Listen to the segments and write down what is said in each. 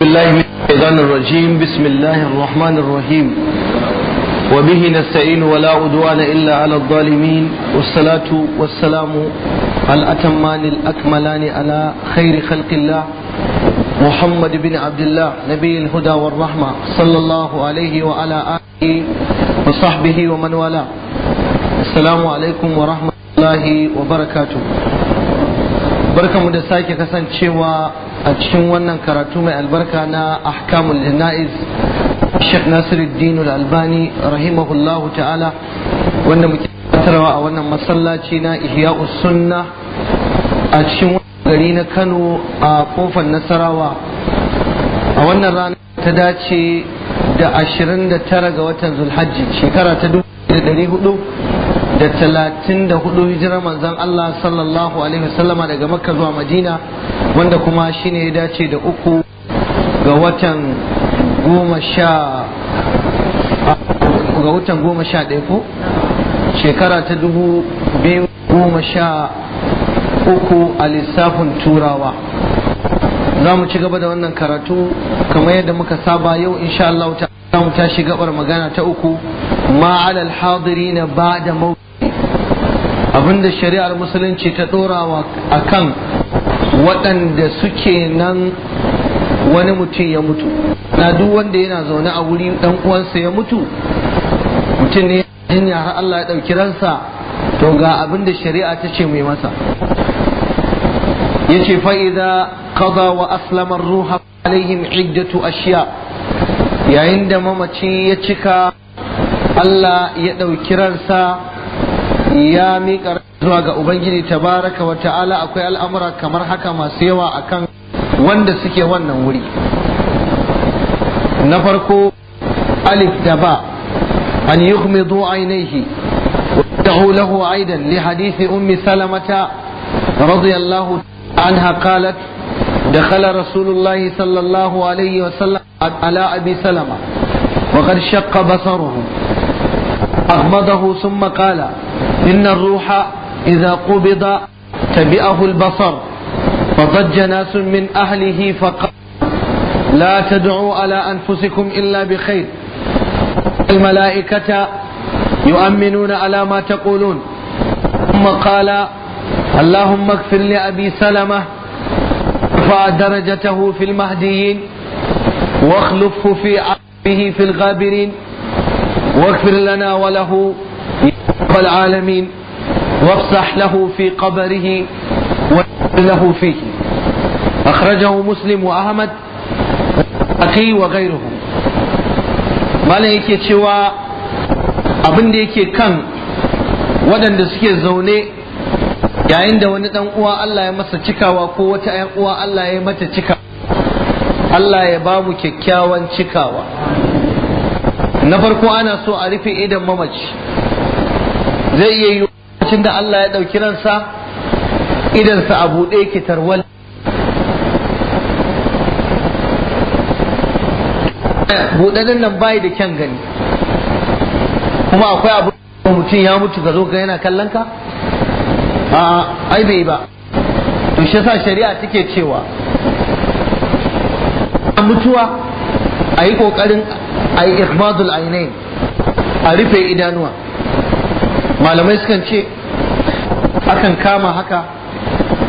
بالله من الشيطان الرجيم بسم الله الرحمن الرحيم وبه نستعين ولا عدوان إلا على الظالمين والصلاة والسلام الأتمان الأكملان على خير خلق الله محمد بن عبد الله نبي الهدى والرحمة صلى الله عليه وعلى آله وصحبه ومن والاه السلام عليكم ورحمة الله وبركاته بركة مدساكي كسان شوى a cikin wannan karatu mai albarka na ahkamul jana'iz Sheikh Nasiruddin Al-Albani rahimahullahu ta'ala wanda muke tarwa a wannan masallaci na Ihya'us Sunna a cikin gari na Kano a kofar Nasarawa a wannan rana ta dace da 29 ga watan Zulhajji shekara ta da talatin da hudu hijirar manzan Allah sallallahu alaihi wasallama daga makka zuwa madina wanda kuma shine ya dace da uku ga watan goma sha ga watan goma sha ɗaya ko shekara ta dubu biyu goma sha uku a lissafin turawa za mu ci gaba da wannan karatu kamar yadda muka saba yau insha Allah ta shiga gabar magana ta uku ma alal hadirina ba da mawuyi abinda shari'ar musulunci ta ɗorawa a kan waɗanda suke nan wani mutum ya mutu na duk wanda yana zaune a wuri ɗan uwansa ya mutu mutum ne jinya har Allah ya ɗauki ransa to ga abinda shari'a ta ce mai masa yace ce fa'iza kaza wa aslamar ruha alaihim iddatu ashiya yayin da mamaci ya cika Allah ya ɗauki ransa ya miƙa zuwa ga Ubangiji tabaraka wa ta'ala akwai al’amura kamar haka masu yawa a kan wanda suke wannan wuri. Na farko, Alif da ba, an yi kuma zuwa ainihi, da hulahu aidan li hadithi ummi salamata, radiyallahu anha qalat da kala Rasulullahi sallallahu alaihi wasallam ala abi salama, wa karshe basaruhu أغمضه ثم قال إن الروح إذا قبض تبئه البصر فضج ناس من أهله فقال لا تدعوا على أنفسكم إلا بخير الملائكة يؤمنون على ما تقولون ثم قال اللهم اغفر لأبي سلمة ارفع درجته في المهديين واخلفه في عقبه في الغابرين واغفر لنا وله رب العالمين وافسح له في قبره له فيه أخرجه مسلم وأحمد أخي وغيرهم ما لك شوى أبن ديك كم ودن دسك زوني يا عند ونتن قوى الله يمس تشكا وقوة قوى الله يمس تشكا الله يبامك كيا وان تشكا na farko ana so a rufe idan mamaci zai iya yi lokacin da Allah ya ɗauki ransa idansa a buɗe ke tarwal buɗaɗin nan bayi da kyan gani kuma akwai abu mutum ya mutu ka zo ga yana kallon ka a ai bai ba to shi sa shari'a take cewa mutuwa a yi ƙoƙarin ai ikhmadul ainain a rufe idanuwa malamai sukan ce akan kama haka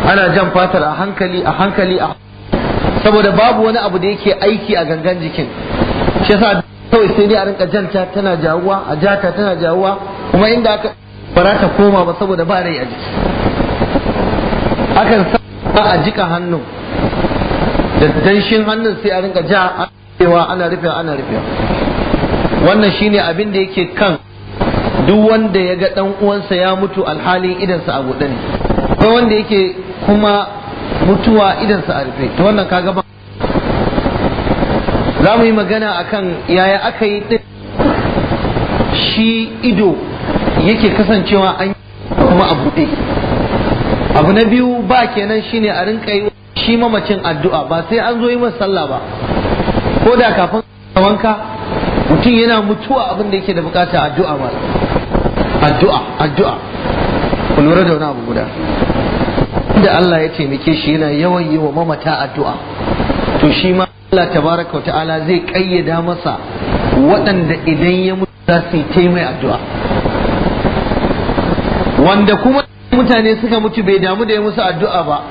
ana jan fatar a hankali a hankali a saboda babu wani abu da yake aiki a gangan jikin shi yasa kawai sai dai a rinka janta tana jawuwa a jata tana jawuwa kuma inda aka bara ta koma ba saboda ba rai a jiki akan sa a jika hannu da danshin hannun sai a rinka ja cewa ana rufewa ana rufewa wannan shine abin da yake kan duk wanda ya ga dan uwansa ya mutu alhalin idansa a buɗe ne akwai wanda yake kuma mutuwa idansa a rufe to wannan kaga ba za mu yi magana akan yaya aka yi shi ido yake kasancewa an kuma a buɗe abu na biyu ba kenan shine a rinka yi shi mamacin addu'a ba sai an zo yi masa sallah ba ko da kafin wanka mutum yana mutuwa abin da yake da bukata addu'a ma addu'a addu'a ku lura da wani abu guda da Allah ya taimake shi yana yawan yi wa mamata addu'a to shi ma Allah tabaraka wa ta'ala zai kayyada masa waɗanda idan ya mutu za su yi mai addu'a wanda kuma mutane suka mutu bai damu da ya musu addu'a ba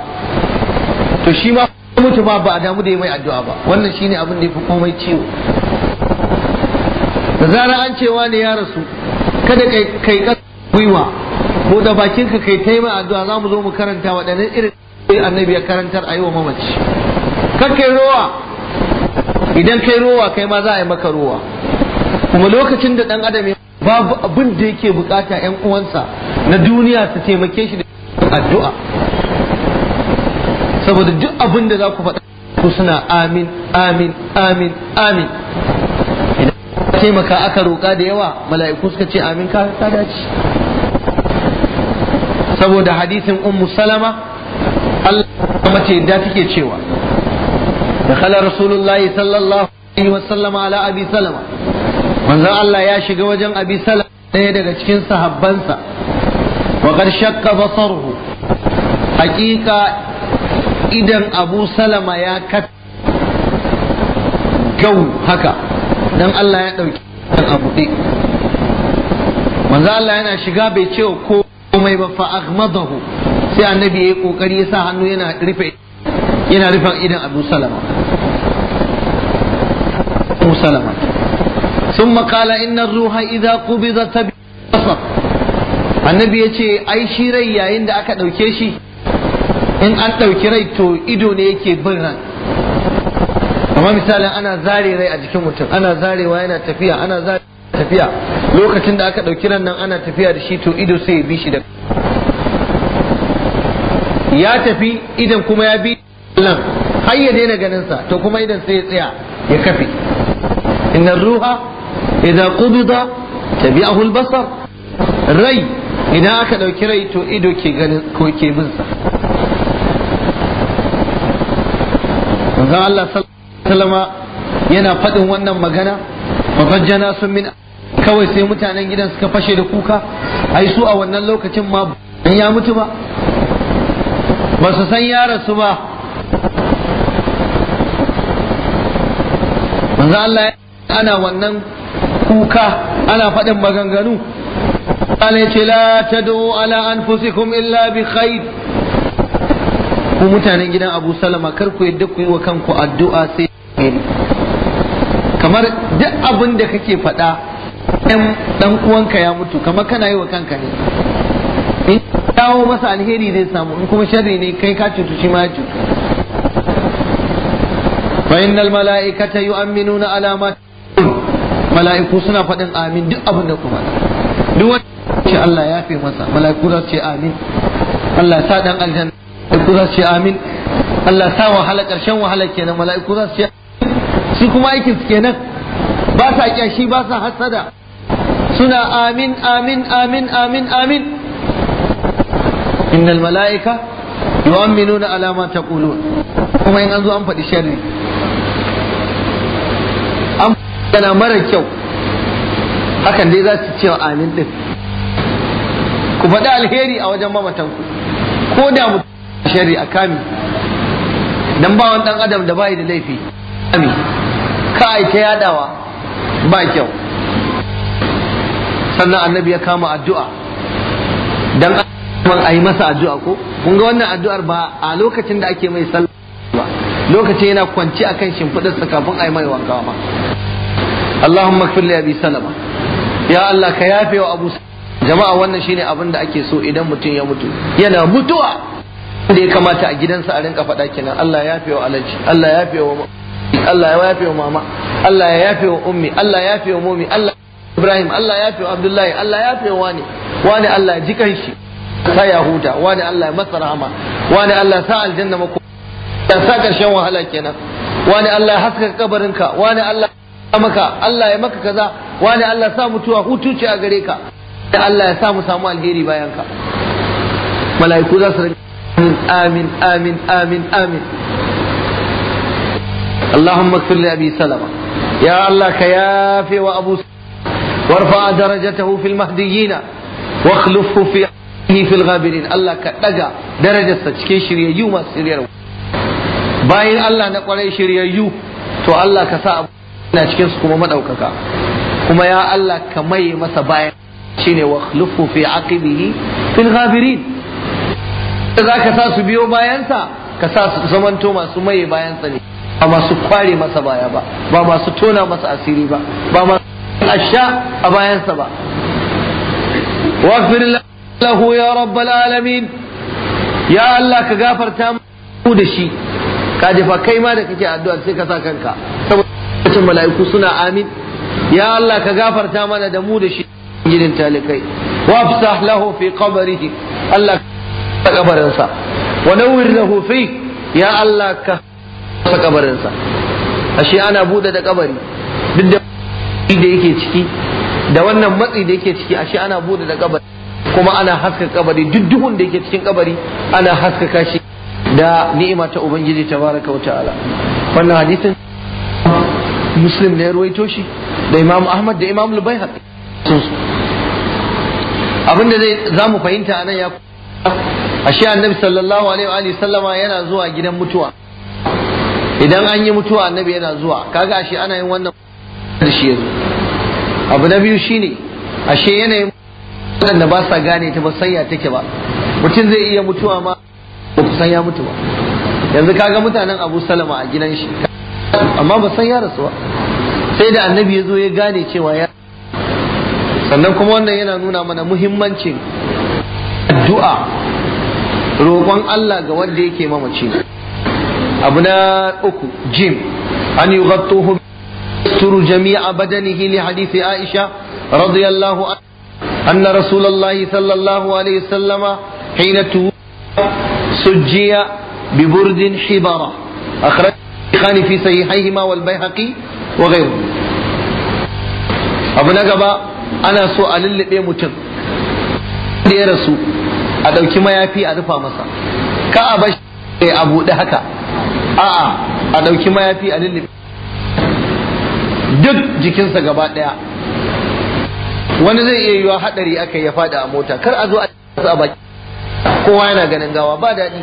to shi ma mutu ba ba a damu da yi mai addu'a ba wannan shine abin da ya fi komai ciwo da zara an cewa ne ya rasu kada kai kai gwiwa ko da bakinka kai ta yi mai addu'a za mu zo mu karanta waɗannan irin annabi ya karantar a yi mamaci kar kai rowa idan kai rowa kai ma za a yi maka rowa kuma lokacin da ɗan adam babu abin da yake bukata 'yan uwansa na duniya su taimake shi da addu'a saboda duk abin da za ku faɗa ku suna amin amin amin amin idan taimaka aka roƙa da yawa mala'iku suka ce amin ka ta dace saboda hadisin ummu salama Allah mace yadda take cewa Da khala rasulullahi sallallahu alaihi wa sallama ala abi salama manzon Allah ya shiga wajen abi salama ɗaya daga cikin sahabbansa wa qad shakka basaruhu haƙiƙa idan abu salama ya kat gau haka dan Allah ya ɗauki kan abu ɗin manzo Allah yana shiga bai ce ko komai ba fa aghmadahu sai annabi yayi kokari ya sa hannu yana rufe yana rufe idan Abu Salama Abu Salama ثم قال إن الروح إذا قبضت بالبصر النبي يقول أي شيء yayin da aka ɗauke shi. in an ɗauki rai to ido ne yake bin ran amma misalin ana zare rai a jikin mutum ana zarewa yana tafiya ana zare tafiya lokacin da aka ɗauki ran nan ana tafiya da shi to ido sai ya bi shi da ya tafi idan kuma ya bi nan har ya daina ganinsa to kuma idan sai ya tsaya ya kafe inna ruha idza qubida tabi'ahu al-basar rai idan aka ɗauki rai to ido ke ganin ko ke binsa manzon Allah sallallahu yana faɗin wannan magana mafajjana sun min kawai sai mutanen gidan suka fashe da kuka ai su a wannan lokacin ma an ya mutu ba ba su san yaran su ba manzon Allah ana wannan kuka ana faɗin maganganu Allah ya ce la tadu ala anfusikum illa bi khair ku mutanen gidan abu salama kar ku yadda ku yi wa kanku addu'a sai kamar duk abin da kake faɗa ɗan ɗan uwanka ya mutu kamar kana yi wa kanka ne in dawo masa alheri zai samu in kuma sharri ne kai ka cutu shi ma ya cutu fa innal mala'ikata yu'minuna ala ma mala'iku suna faɗin amin duk abin da kuma duk wanda Allah ya fi masa mala'iku za su ce amin Allah ya sa dan aljanna mala'iku za su ce amin Allah sa wahala ƙarshen wahala kenan mala'iku za su ce su kuma aikin su kenan ba sa kyashi ba sa hasada suna amin amin amin amin amin innal mala'ika yu'minuna ala ma taqulun kuma in an zo an faɗi sharri an kana mara kyau hakan dai za su cewa amin din ku faɗi alheri a wajen mamatan ko da mutum shari a kami dan ba wani dan adam da bai da laifi kami kai ta yadawa ba kyau sannan annabi ya kama addu'a dan man ayi masa addu'a ko kun ga wannan addu'ar ba a lokacin da ake mai sallah ba lokacin yana kwanci akan shimfidar sa kafin ayi mai wanka ba Allahumma kfir li abi salama ya Allah ka yafe wa abu jama'a wannan shine abin da ake so idan mutum ya mutu yana mutuwa da ya kamata a gidansa a rinka faɗa kenan Allah ya fi wa alaji Allah ya fi wa Allah ya fi wa mama Allah ya fi wa ummi Allah ya fi wa mumi Allah Ibrahim Allah ya fi wa Abdullahi Allah ya fi wa wani wani Allah ya ji kanshi sa ya huta wani Allah ya masa rahama wani Allah sa aljanna mako ya sa karshen wahala kenan wani Allah ya haska kabarinka wani Allah ya maka Allah ya maka kaza wani Allah sa mutuwa hutu a gare ka Allah ya sa mu samu alheri bayan ka mala'iku za su rinka آمين آمين آمين آمين اللهم اغفر لأبي سلمة يا الله كيافي وأبو سلمة وارفع درجته في المهديين واخلفه في في الغابرين الله كدغا درجة cikin shiryayyu masu bayan Allah na kwarai shiryayyu to Allah ka sa abu na cikin su kuma madaukaka kuma ya Allah ka mai masa bayan shine wa khlufu fi aqibihi fil ghabirin da za ka sa su biyo bayansa ka sa su zamanto masu maye bayansa ne ba masu kware masa baya ba ba masu tona masa asiri ba ba masu asha a bayansa ba waghfir lahu ya rabbal alamin ya Allah ka gafarta mu da shi ka jefa kai ma da kake addu'a sai ka sa kanka saboda lokacin mala'iku suna amin ya Allah ka gafarta mana da mu da shi gidan talikai wafsah lahu fi qabrihi Allah a kabarinsa wa nawwir lahu fi ya Allah ka sa kabarinsa ashe ana bude da kabari duk da da yake ciki da wannan matsi da yake ciki ashe ana bude da kabari kuma ana haska kabari duk duhun da yake cikin kabari ana haska kashi. da ni'ima ta ubangiji tabaraka wa ta'ala wannan hadisin muslim ne ruwaito shi da imam ahmad da imam al-baihaqi abinda zai zamu fahimta anan ya ashe annabi sallallahu alaihi wa sallama yana zuwa gidan mutuwa idan an yi mutuwa annabi yana zuwa kaga ashe ana yin wannan da shi yanzu abu na biyu shine ashe yanayin waɗanda ba sa gane ta ba sanya take ba mutum zai iya mutuwa ma ba ku san ya mutu ba yanzu kaga mutanen abu salama a gidan shi amma ba san ya rasu ba sai da annabi ya zo ya gane cewa ya sannan kuma wannan yana nuna mana muhimmancin addu'a roƙon Allah ga wanda yake mamaci abu na uku jim an yi ghattuhu suru jami'a badanihi li hadisi Aisha radiyallahu anha anna rasulullahi sallallahu alaihi wasallama hina سجي ببرد حبرة أخرج الشيخان في صحيحيهما والبيهقي وغيره أبو نقبة أنا سؤال اللي متن يا رسول a ɗauki mayafi a rufa masa ka a bashi a buɗe haka a'a a ɗauki mayafi a lullube duk jikinsa gaba ɗaya wani zai iya yiwa haɗari aka ya faɗi a mota kar a zo a a baki kowa yana ganin gawa ba daɗi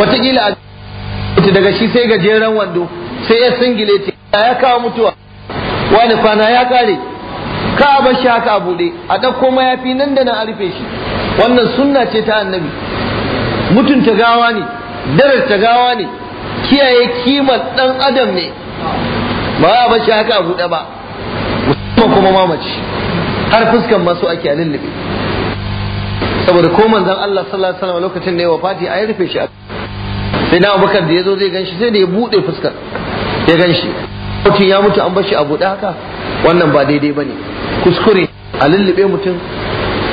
watakila a daga shi sai gajeren wando sai ya singile ce ya kawo mutuwa wani kwana ya kare ka bar shi haka a buɗe a ɗauko mayafi nan da nan a rufe shi wannan sunna ce ta annabi mutunta gawa ne darasta gawa ne kiyaye kimar ɗan adam ne ba a bar shi haka a buɗe ba musamman kuma mamaci har fuskan masu ake a lullube saboda ko manzon Allah sallallahu alaihi wasallam lokacin da ya wafati a rufe shi sai na Abubakar da yazo zai ganshi sai da ya buɗe fuskar ya ganshi mutum ya mutu an bar shi a buɗe haka wannan ba daidai ba ne kuskure a lullube mutum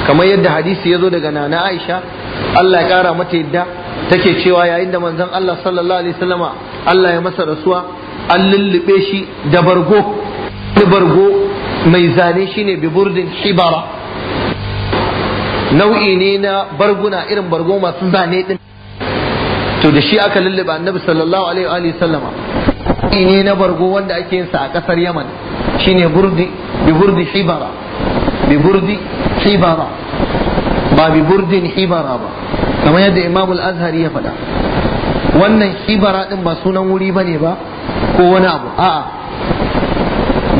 kamar yadda hadisi ya zo daga nana aisha allah ya kara mata yadda take cewa yayin da manzon allah sallallahu alaihi wasallama allah ya masa rasuwa an lullube shi da bargo bargo mai zane shine biburdin shibara nau'i ne na barguna irin bargo masu zane din to da shi aka lullube annabi sallallahu alaihi wasallama ne na bargo wanda ake yin sa a kasar yaman shine burdi bi burdi hibara bi burdi hibara ba bi burdin hibara ba kamar yadda imam al-azhari ya faɗa wannan hibara din ba sunan wuri bane ba ko wani abu a'a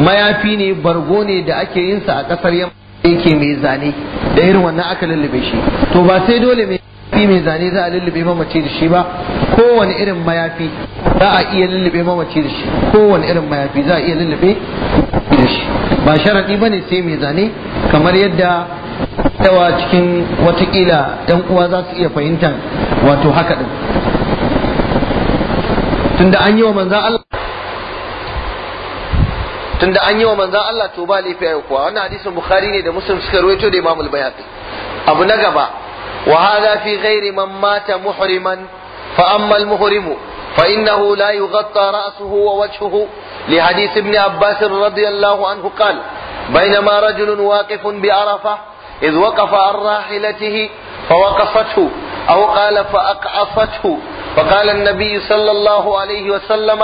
mayafi ne bargo ne da ake yin sa a ƙasar yamma yake mai zane da irin wannan aka lullube shi to ba sai dole mai mayafi mai zane za a lullube mamaci da shi ba kowane irin mayafi za a iya lullube mamaci da shi kowane irin mayafi za a iya lullube da shi ba sharaɗi ba ne sai mai zane kamar yadda yawa cikin watakila ɗan uwa za su iya fahimta wato haka ɗin tunda an yi wa Allah tunda an yi wa manzan Allah to ba laifi a kuwa wannan hadisin bukhari ne da muslim suka ruwaito da imamul bayhaqi abu na gaba وهذا في غير من مات محرما فأما المحرم فإنه لا يغطى رأسه ووجهه لحديث ابن عباس رضي الله عنه قال بينما رجل واقف بعرفة إذ وقف عن راحلته فوقفته أو قال فأقعصته فقال النبي صلى الله عليه وسلم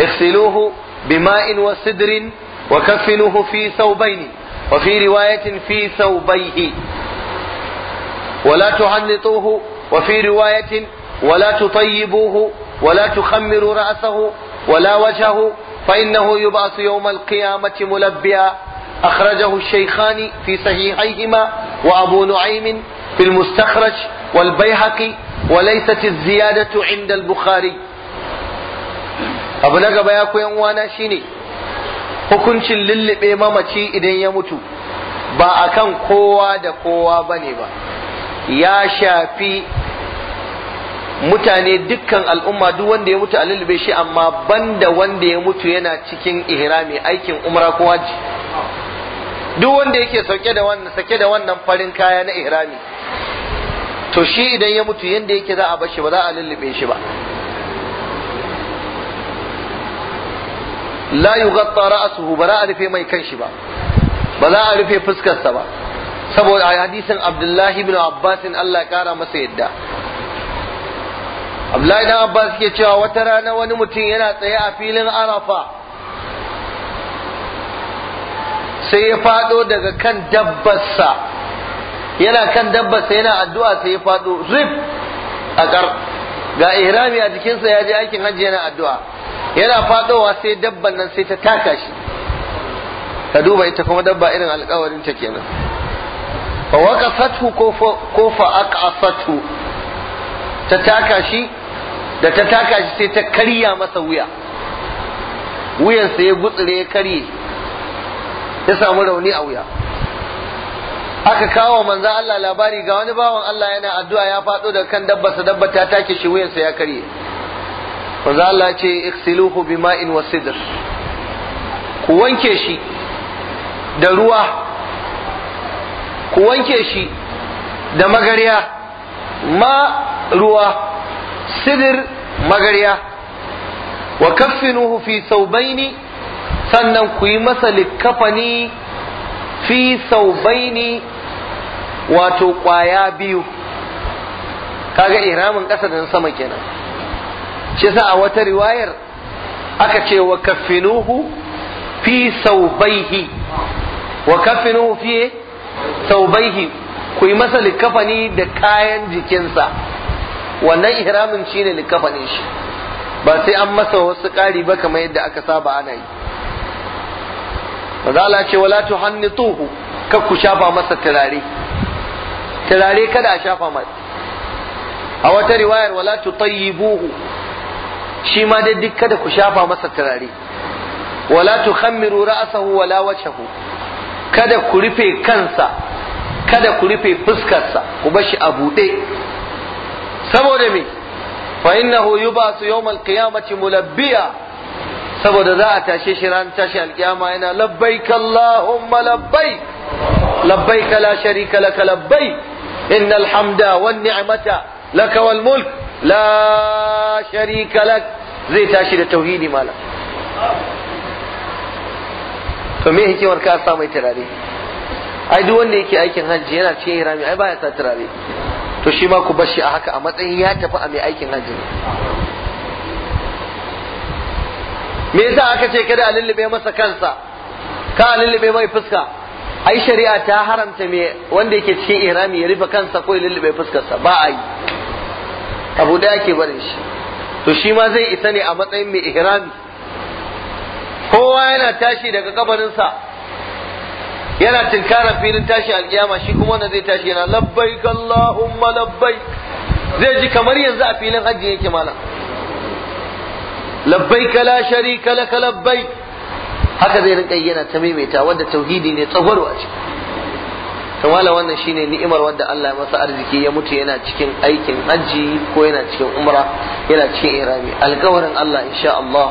اغسلوه بماء وسدر وكفنوه في ثوبين وفي رواية في ثوبيه ولا تعنطوه وفي رواية ولا تطيبوه ولا تخمروا رأسه ولا وجهه فإنه يبعث يوم القيامة ملبئا أخرجه الشيخان في صحيحيهما وأبو نعيم في المستخرج والبيهقي وليست الزيادة عند البخاري abu na gaba ya koyan wana shine hukuncin lullube mamaci idan ya mutu ba akan kowa da kowa bane ba ya shafi mutane dukkan al'umma duk wanda ya mutu a lullube shi amma banda wanda ya mutu yana cikin ihrami aikin umra ko haji duk wanda yake sauke da wannan sake da wannan farin kaya na ihrami to shi idan ya mutu yanda yake za a bar shi ba za a lullube shi ba la yughatta ra'suhu ba za a rufe mai kanshi ba ba za a rufe fuskarsa ba saboda a hadisin abdullahi bin abbasin Allah kara masa yadda abdullahi bin abbas ke cewa wata rana wani mutum yana tsaye a filin arafa sai ya fado daga kan dabbarsa yana kan dabbarsa yana addu'a sai ya fado zip a kar ga ihrami a jikinsa ya je aikin hajji yana addu'a yana fadowa sai dabban nan sai ta taka shi ka duba ita kuma dabba irin alkawarin ta kenan fa waqafathu ko fa aqafathu ta taka shi da ta taka shi sai ta karya masa wuya wuyansa ya gutsire ya karye ya samu rauni a wuya aka kawo manzo Allah labari ga wani bawan Allah yana addu'a ya faɗo da kan sa dabba ta take shi wuyansa ya karye manzo Allah ya ce iksiluhu bima'in wasidr ku wanke shi da ruwa ku wanke shi da magarya ma ruwa sidir magarya wa kaffinuhu fi saubaini sannan ku yi masa likkafani fi saubaini wato kwaya biyu kaga iramin ƙasa da sama kenan shi sa a wata riwayar aka ce wa kaffinuhu fi saubaihi wa kaffinuhu fiye taubaihi ku yi masa likafani da kayan jikinsa wannan ihramin ne likafanin shi ba sai an masa wasu ƙari ba kamar yadda aka saba ana yi mazala ce wala hannu tuhu ku shafa masa turare turare kada a shafa masa a wata riwayar wala buhu. shi ma dai duk kada ku shafa masa turare wala tukhammiru ra'sahu wala wajhahu kada ku rufe kansa kada ku rufe fuskarsa ku bashi a buɗe saboda me fa innahu yubasu yawmal qiyamati mulabbiya saboda za a tashe shi ran tashi alkiyama yana labbaik allahumma labbaik labbaik la sharika lak labbai innal hamda wan ni'mata lak wal mulk la sharika lak zai tashi da tauhidi malam to me yake ka sa mai turare ai duk wanda yake aikin hajji yana cikin hirami ai baya sa turare to shi ma ku bashi a haka a matsayin ya tafi a mai aikin hajji me yasa aka ce kada a lullube masa kansa ka a lullube mai fuska ai shari'a ta haramta me wanda yake cikin ihrami ya rufe kansa ko ya lullube fuskarsa ba a yi abu da yake barin shi to shi ma zai isa ne a matsayin mai ihrami kowa yana tashi daga kabarinsa yana tinkara filin tashi alkiyama shi kuma wanda zai tashi yana labbai Allahumma labbai zai ji kamar yanzu a filin hajji yake malam labbai kala sharika laka labbai haka zai rinka yana ta maimaita wanda tauhidi ne tsagwaro a ciki kamala wannan shine ni'imar wanda Allah ya masa arziki ya mutu yana cikin aikin hajji ko yana cikin umra yana cikin irami alkawarin Allah insha Allah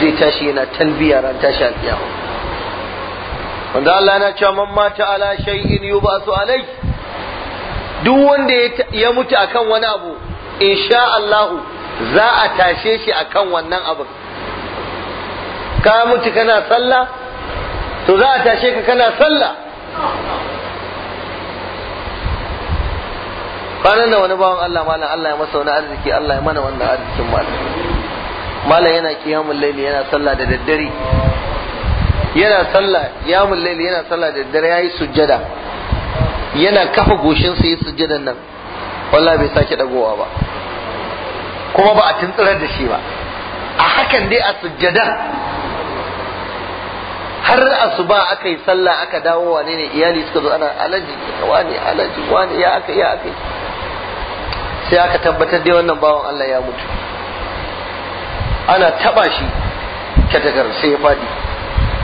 zai tashi yana talbiya ran tashi alƙiyama wanda Allah yana cewa man mata ala shay'in yub'asu alai duk wanda ya mutu akan wani abu insha Allah za a tashe shi akan wannan abu ka mutu kana sallah to za a tashe ka kana sallah kwanan da wani bawan Allah malam Allah ya masa wani arziki Allah ya mana wannan arzikin malam malam yana kiyamun laili yana sallah da daddare yana sallah kiyamul laili yana sallah da daddare yayi sujjada yana kafa goshin sa yi sujjadan nan wallahi bai sake dagowa ba kuma ba a tuntsirar da shi ba a hakan dai a sujjada har asuba aka yi sallah aka dawo wane ne iyali suka zo ana alaji wani alaji wani ya aka ya aka sai aka tabbatar da wannan bawan Allah ya mutu ana taba shi katakar sai ya fadi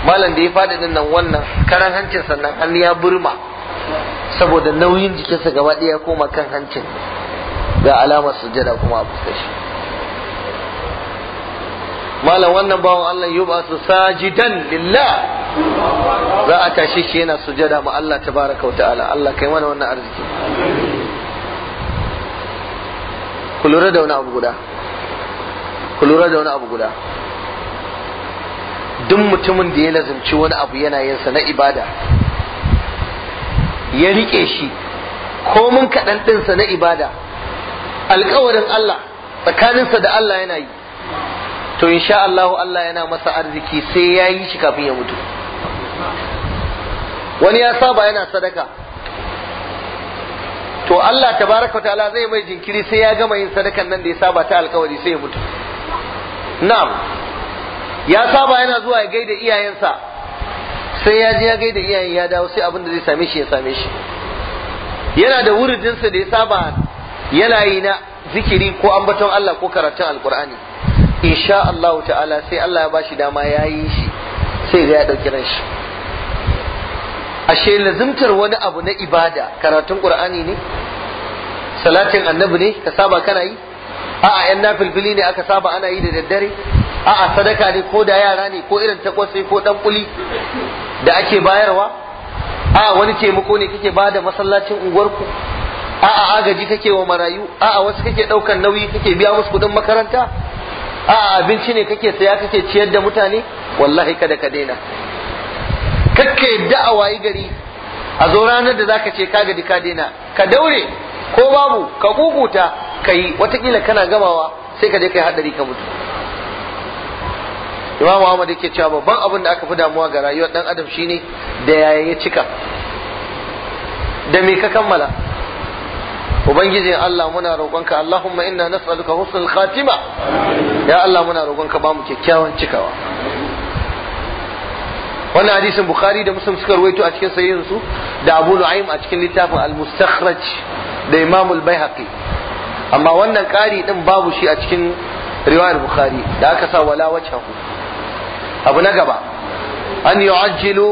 malam da ya fadi din nan wannan karan hancin sannan an ya burma saboda nauyin jikinsa gaba ɗaya ya koma kan hancin ga alamar sujada kuma a fuskar shi malam wannan bawan Allah ya ba su sajidan lillah za a tashi shi yana sujada ma Allah tabaraka wa ta'ala Allah kai mana wannan arziki ku da wani abu guda ku da wani abu guda duk mutumin da ya lazimci wani abu yana yinsa na ibada ya rike shi ko mun kaɗan ɗinsa na ibada alkawarin Allah tsakaninsa da Allah yana yi to insha Allah Allah yana masa arziki sai ya yi shi kafin ya mutu wani ya saba yana sadaka to Allah tabaraka ta'ala zai mai jinkiri sai ya gama yin sadakan nan da ya saba ta alkawari sai ya mutu na'am ya saba yana zuwa ya gaida iyayensa sai ya je ya gaida iyayen ya dawo sai abin da zai same shi ya same shi yana da wuridinsa da ya saba yana yi na zikiri ko ambaton Allah ko karatun alkur'ani insha Allah ta'ala sai Allah ya bashi dama yayi shi sai ga ya dauki ran shi ashe lazimtar wani abu na ibada karatun qur'ani ne salatin annabi ne ka saba kana yi a'a yan nafilfili ne aka saba ana yi da daddare a'a sadaka ne ko da yara ne ko irin kwasai ko dan kuli da ake bayarwa a'a wani taimako ne kake bada masallacin unguwarku a'a agaji kake wa marayu a'a wasu kake daukan nauyi kake biya musu kudin makaranta a'a abinci ne kake saya kake ciyar da mutane wallahi kada ka daina kakka yadda a wayi gari a zo ranar da za ka ce ka gadi ka daina ka daure ko babu ka kuguta ka yi watakila kana gamawa sai ka je ka kai hadari ka mutu imam ahmad yake cewa babban abin da aka fi damuwa ga rayuwar dan adam shine da yaya ya cika da me ka kammala ubangiji Allah muna roƙonka Allahumma inna nas'aluka husnul khatima ya Allah muna roƙonka ba mu kyakkyawan cikawa wannan hadisin bukhari da muslim suka ruwaito a cikin sahihin su da abu nu'aym a cikin littafin al-mustakhraj da imam al-baihaqi amma wannan ƙari din babu shi a cikin riwayar bukhari da aka sa wala wajhahu abu na gaba an yu'ajjilu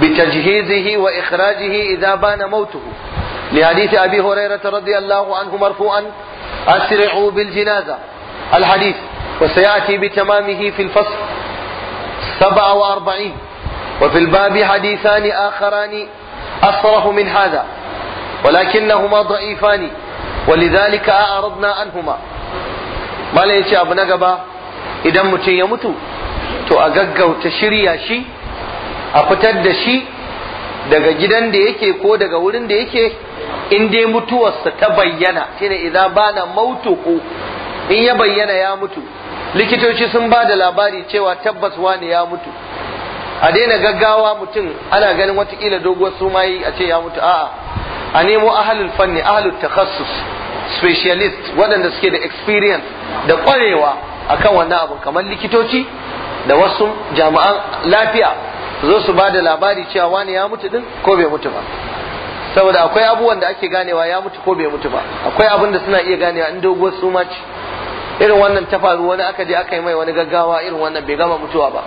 bi tajhizihi wa ikhrajihi idza bana mautuhu li hadith abi hurairah radiyallahu anhu marfu'an asri'u bil janaza al hadith wa sayati bi tamamihi fil fasl سبعة وأربعين وفي الباب حديثان آخران أصرح من هذا ولكنهما ضعيفان ولذلك أعرضنا عنهما ما na أبو نقبة إذا ya mutu to a gaggauta shirya shi a fitar da shi daga gidan da yake ko daga wurin da yake in dai mutuwarsa ta bayyana shine idza bana mautuhu in ya bayyana ya mutu likitoci sun ba da labari cewa tabbas wani ya mutu a daina gaggawa mutum ana ganin watakila doguwar sumayi a ce ya mutu a'a a nemo ahalul fanni ahalul takhassus specialist waɗanda suke da experience da ƙwarewa akan wannan abu kamar likitoci da wasu jami'an lafiya zo su ba da labari cewa wani ya mutu din ko bai mutu ba saboda akwai abubuwan da ake ganewa ya mutu ko bai mutu ba akwai abin da suna iya ganewa in doguwar suma ce irin wannan ta faru wani aka je aka yi mai wani gaggawa irin wannan bai gama mutuwa ba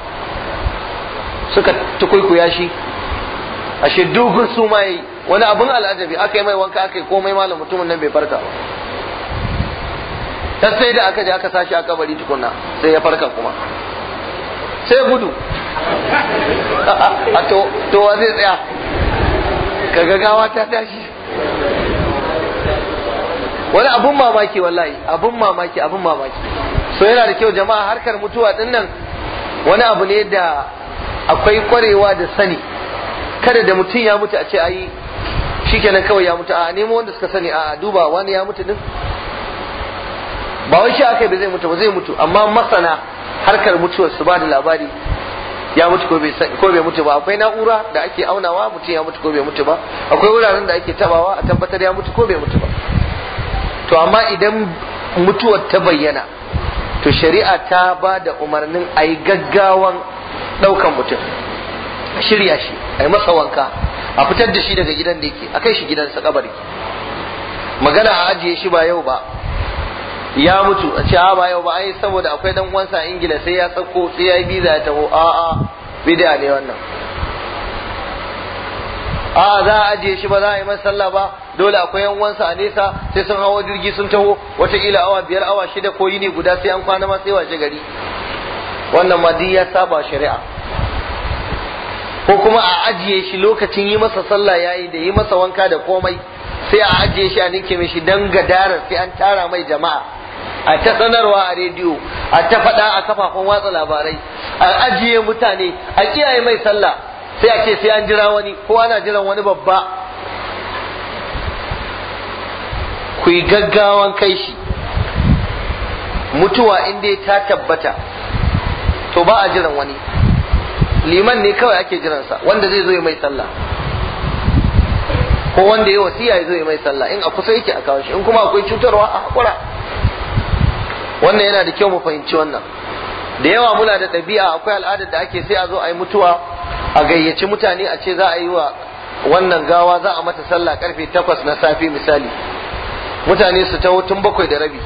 suka tukuikuya shi ashe dogon su mai yi wani abin al'ajabi aka yi mai wanka aka yi komai malam mutumin nan bai farka ba ta sai da aka je aka sashi a kabari tukunna sai ya farka kuma sai gudu a to wa zai tsaya ka gaggawa ta tashi wani abun mamaki wallahi abun mamaki abun mamaki so yana da kyau jama'a harkar mutuwa din nan wani abu ne da akwai kwarewa da sani kada da mutum ya mutu a ce ayi shikenan kawai ya mutu a nemo wanda suka sani a duba wani ya mutu din ba wai shi aka yi ba zai mutu ba zai mutu amma masana harkar mutuwar su ba da labari ya mutu ko bai mutu ba akwai na'ura da ake aunawa mutum ya mutu ko bai mutu ba akwai wuraren da ake tabawa a tabbatar ya mutu ko bai mutu ba to amma idan mutuwar ta bayyana to shari'a ta ba da umarnin a yi gaggawan ɗaukan mutum a shirya shi a yi masa wanka a fitar da shi daga gidan da yake a kai shi gidansa kabari magana a ajiye shi ba yau ba ya mutu a ce ah, ba yau ba ai saboda akwai dan uwansa a ingila sai ya sauko sai ya yi biza ya taho a bidiya ne wannan a za a ajiye shi ba za a yi masa sallah ba dole akwai yan uwansa a nesa sai sun hawa jirgi sun taho wata kila awa biyar awa shida ko yini guda sai an kwana ma sai washe gari wannan ma ya saba shari'a ko kuma a ajiye shi lokacin yi masa sallah yayi da yi masa wanka da komai sai a ajiye shi a ninke mishi dan gadara sai an tara mai jama'a a ta sanarwa a rediyo a ta faɗa a kafafen watsa labarai a ajiye mutane a kiyaye mai sallah sai a ce sai an jira wani kowa na jiran wani babba ku yi gaggawan kai shi mutuwa inda ta tabbata to ba a jiran wani liman ne kawai ake jiransa wanda zai zo ya mai sallah ko wanda ya wasiya ya zo ya mai sallah in a kusa yake a kawo shi in kuma akwai cutarwa a hakura wannan yana da kyau mu fahimci wannan da yawa muna da ɗabi'a akwai al'adar da ake sai a zo a yi mutuwa a gayyaci mutane a ce za a yi wa wannan gawa za a mata sallah karfe takwas na safe misali mutane su taho tun bakwai da rabi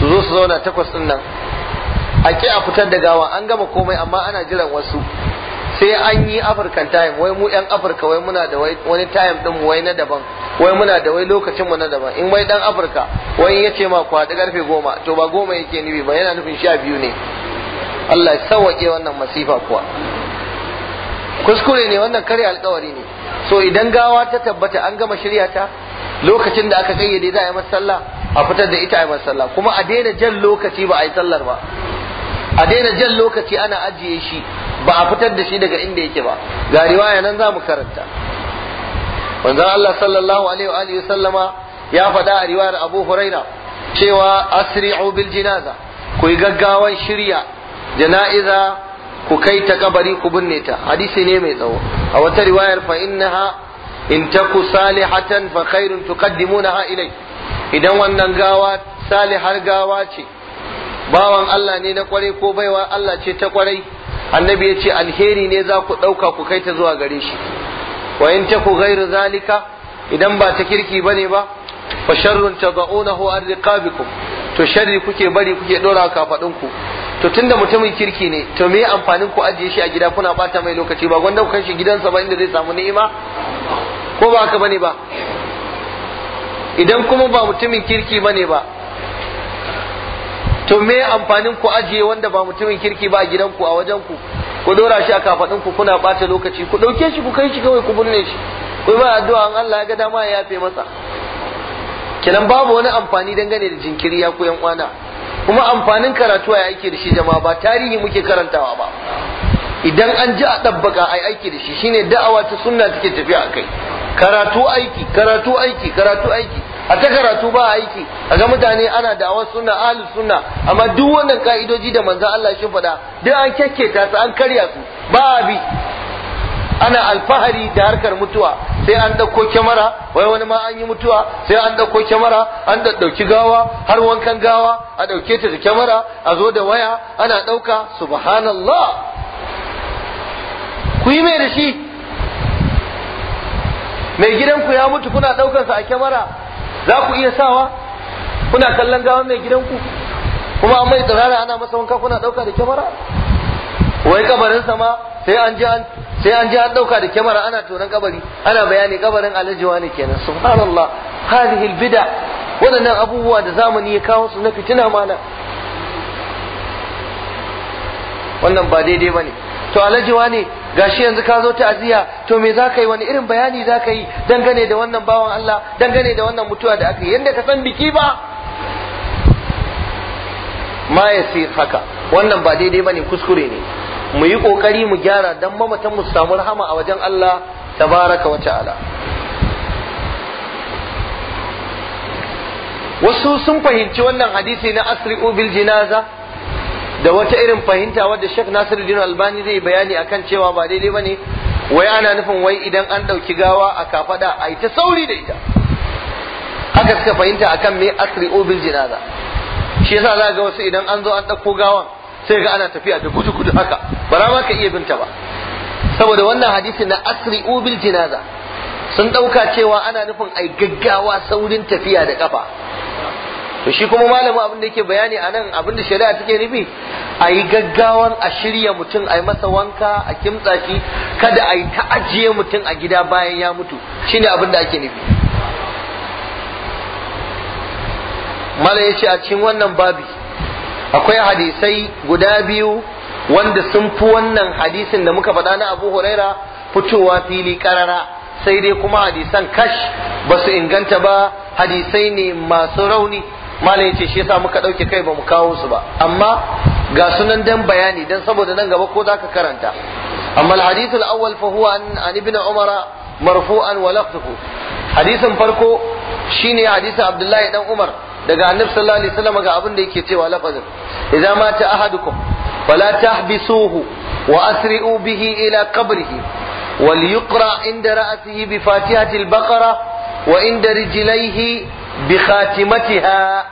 su zo su zauna takwas ɗin nan a ki a fitar da gawa an gama komai amma ana jiran wasu sai an yi african time wai mu yan afirka wai muna da wani time din wai na daban wai muna da wai lokacin mu na daban in wai dan afirka wai yace ma haɗu karfe goma to ba goma yake nufi ba yana nufin sha biyu ne Allah ya sauwaƙe wannan masifa kuwa kuskure ne wannan kare alkawari ne so idan gawa ta tabbata an gama shirya ta lokacin da aka kayyade za a yi masalla a fitar da ita a yi masalla kuma a daina jan lokaci ba a yi sallar ba a daina jan lokaci ana ajiye shi ba a fitar da shi daga inda yake ba ga riwaya nan za mu karanta wanzan Allah sallallahu alaihi wa alihi sallama ya faɗa a riwayar Abu Huraira cewa asri'u bil jinaza ku yi gaggawan shirya jana'iza ku kai ta kabari ku binne ta hadisi ne mai tsawo a wata riwayar fa innaha in taku salihatan fa khairun tuqaddimunaha ilai idan wannan gawa salihar gawa ce bawan Allah ne na kwarai ko baiwa Allah ce ta kwarai annabi ya ce alheri ne za ku ɗauka ku kai ta zuwa gare shi wa in taku ghairu zalika idan ba ta kirki bane ba fa sharrun tad'unahu an riqabikum to sharri kuke bari kuke dora kafadun ku to tunda mutumin kirki ne to me amfanin ku ajiye shi a gida kuna bata mai lokaci ba gwanda ku kai shi gidansa ba inda zai samu ni'ima ko ba haka bane ba idan kuma ba mutumin kirki bane ba to me amfanin ku ajiye wanda ba mutumin kirki ba a gidanku a wajenku ku dora shi a kafadun ku kuna bata lokaci ku dauke shi ku kai shi kawai ku binne shi ku ba addu'a an Allah ya ga dama ya yafe masa kenan babu wani amfani dangane da jinkiri ya koyan kwana kuma amfanin karatu a aiki da shi jama'a ba tarihi muke karantawa ba idan an ji a ɗabbaka a aiki da shi shine da'awa ta sunna take tafiya a kai karatu aiki karatu aiki karatu aiki a ta karatu ba aiki a ga mutane ana da'awa sunna ahli sunna amma duk wannan ka'idoji da manzan Allah shi faɗa duk an kyakketa su an karya su ba bi ana alfahari da harkar mutuwa sai an ɗauko kyamara wai wani ma an yi mutuwa sai an ɗauko kyamara an dauki gawa har wankan gawa a dauke ta da kyamara a zo da waya ana ɗauka subhanallah ku yi mai da shi mai gidanku ya mutu kuna sa a kyamara za ku iya sawa kuna kallon gawan mai gidanku kuma an mai tsirara ana masa wanka kuna ɗauka da kyamara wai kabarinsa ma sai an je an sai an ji an dauka da kyamara ana tonon kabari ana bayani kabarin alhaji ne kenan subhanallah hadhihi albida waɗannan abubuwa da zamani ya kawo su na fitina mana wannan ba daidai bane to alhaji ne gashi yanzu ka zo ta'aziyya to me zaka yi wani irin bayani zaka yi dangane da wannan bawan Allah dangane da wannan mutuwa da aka yi yanda ka san biki ba ma yasi haka wannan ba daidai bane kuskure ne mu yi kokari mu gyara dan mamatan mu samu rahama a wajen Allah tabaraka wa ta'ala wasu sun fahimci wannan hadisi na asri'u bil jinaza da wata irin fahimta wadda Sheikh Nasiruddin Albani zai bayani akan cewa ba daidai bane wai ana nufin wai idan an dauki gawa a kafada a ta sauri da ita haka suka fahimta akan me asri'u bil jinaza shi yasa za ga wasu idan an zo an ɗauko gawan sai ga ana tafiya da gudu gudu haka ba ma ka iya binta ba saboda wannan hadisi na asri ubil jinaza sun ɗauka cewa ana nufin ai gaggawa saurin tafiya da kafa to shi kuma malamin abin da yake bayani anan nan abin da shari'a take nufi a yi gaggawan a shirya mutum a masa wanka a kimtsa shi kada a ta ajiye mutum a gida bayan ya mutu shine abin da ake nufi mala ya ce a cikin wannan babi akwai hadisai guda biyu wanda sun fi wannan hadisin da muka faɗa na abu huraira fitowa fili karara sai dai kuma hadisan kash ba su inganta ba hadisai ne masu rauni malam ce shi yasa muka ɗauke kai ba mu kawo su ba amma ga sunan dan bayani dan saboda nan gaba ko zaka karanta amma alhadithul awwal fa huwa an ibn umara marfu'an wa lafzuhu hadisin farko shine hadisin abdullahi dan umar daga annabi sallallahu alaihi wasallam ga abin da yake cewa lafazin idza ta ahadukum fala tahbisuhu wa asri'u bihi ila qabrihi fatihati al baqara wa inda rijlaihi bi khatimatiha